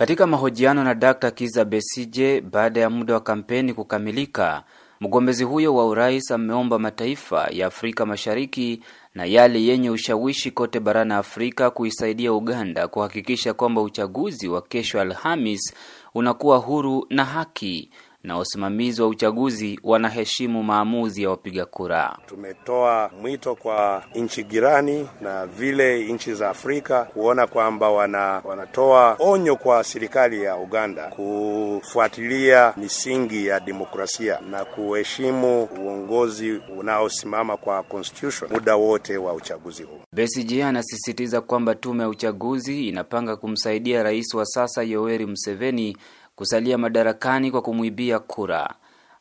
Katika mahojiano na Dr. Kiza Besije baada ya muda wa kampeni kukamilika, mgombezi huyo wa urais ameomba mataifa ya Afrika Mashariki na yale yenye ushawishi kote barani Afrika kuisaidia Uganda kuhakikisha kwamba uchaguzi wa kesho Alhamis unakuwa huru na haki na wasimamizi wa uchaguzi wanaheshimu maamuzi ya wapiga kura. Tumetoa mwito kwa nchi jirani na vile nchi za Afrika kuona kwamba wana, wanatoa onyo kwa serikali ya Uganda kufuatilia misingi ya demokrasia na kuheshimu uongozi unaosimama kwa constitution muda wote wa uchaguzi huu. Besigye anasisitiza kwamba tume ya uchaguzi inapanga kumsaidia rais wa sasa Yoweri Museveni kusalia madarakani kwa kumwibia kura.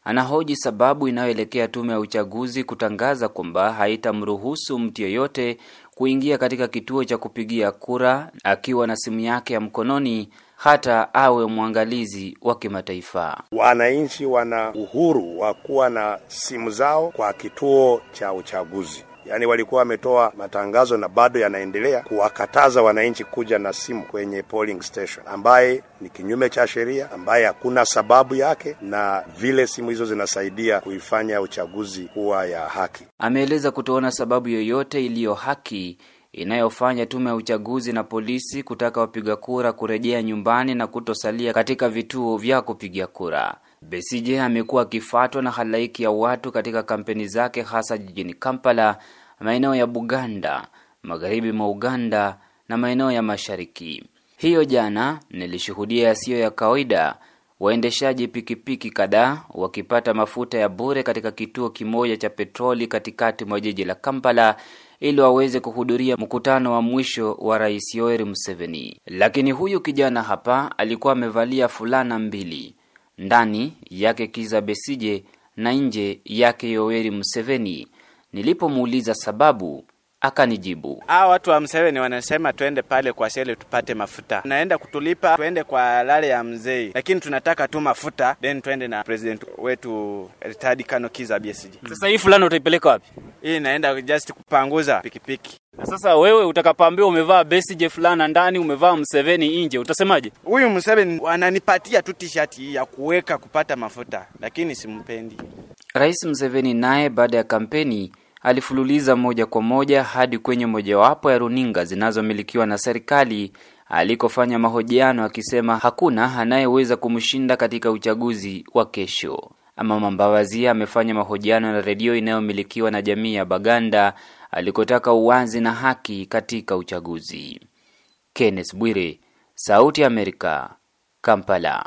Anahoji sababu inayoelekea tume ya uchaguzi kutangaza kwamba haitamruhusu mtu yeyote kuingia katika kituo cha kupigia kura akiwa na simu yake ya mkononi hata awe mwangalizi wa kimataifa. Wananchi wana uhuru wa kuwa na simu zao kwa kituo cha uchaguzi yani walikuwa wametoa matangazo na bado yanaendelea kuwakataza wananchi kuja na simu kwenye polling station, ambaye ni kinyume cha sheria, ambaye hakuna sababu yake, na vile simu hizo zinasaidia kuifanya uchaguzi kuwa ya haki. Ameeleza kutoona sababu yoyote iliyo haki inayofanya tume ya uchaguzi na polisi kutaka wapiga kura kurejea nyumbani na kutosalia katika vituo vya kupiga kura. Besigye amekuwa akifatwa na halaiki ya watu katika kampeni zake hasa jijini Kampala, maeneo ya Buganda, magharibi mwa Uganda na maeneo ya mashariki. Hiyo jana nilishuhudia yasiyo ya kawaida, waendeshaji pikipiki kadhaa wakipata mafuta ya bure katika kituo kimoja cha petroli katikati mwa jiji la Kampala ili waweze kuhudhuria mkutano wa mwisho wa Rais Yoweri Museveni. Lakini huyu kijana hapa alikuwa amevalia fulana mbili, ndani yake Kiza Besije na nje yake Yoweri Museveni. Nilipomuuliza sababu Akanijibu, hawa watu wa Mseveni wanasema twende pale kwa sele tupate mafuta, naenda kutulipa twende kwa lale ya mzee, lakini tunataka tu mafuta, then twende na president wetu Richard Kano Kiza BSG. Mm. Sasa hii fulani utaipeleka wapi? Hii naenda just kupanguza pikipiki. Sasa wewe utakapambia umevaa besije fulana ndani, umevaa Mseveni nje, utasemaje? Huyu Mseveni wananipatia tu tishati hii ya kuweka kupata mafuta, lakini simpendi. Rais Mseveni naye baada ya kampeni alifululiza moja kwa moja hadi kwenye mojawapo ya runinga zinazomilikiwa na serikali alikofanya mahojiano akisema hakuna anayeweza kumshinda katika uchaguzi wa kesho. Mama Mbawazia amefanya mahojiano na redio inayomilikiwa na jamii ya Baganda alikotaka uwazi na haki katika uchaguzi. Kenneth Bwire, Sauti ya Amerika, Kampala.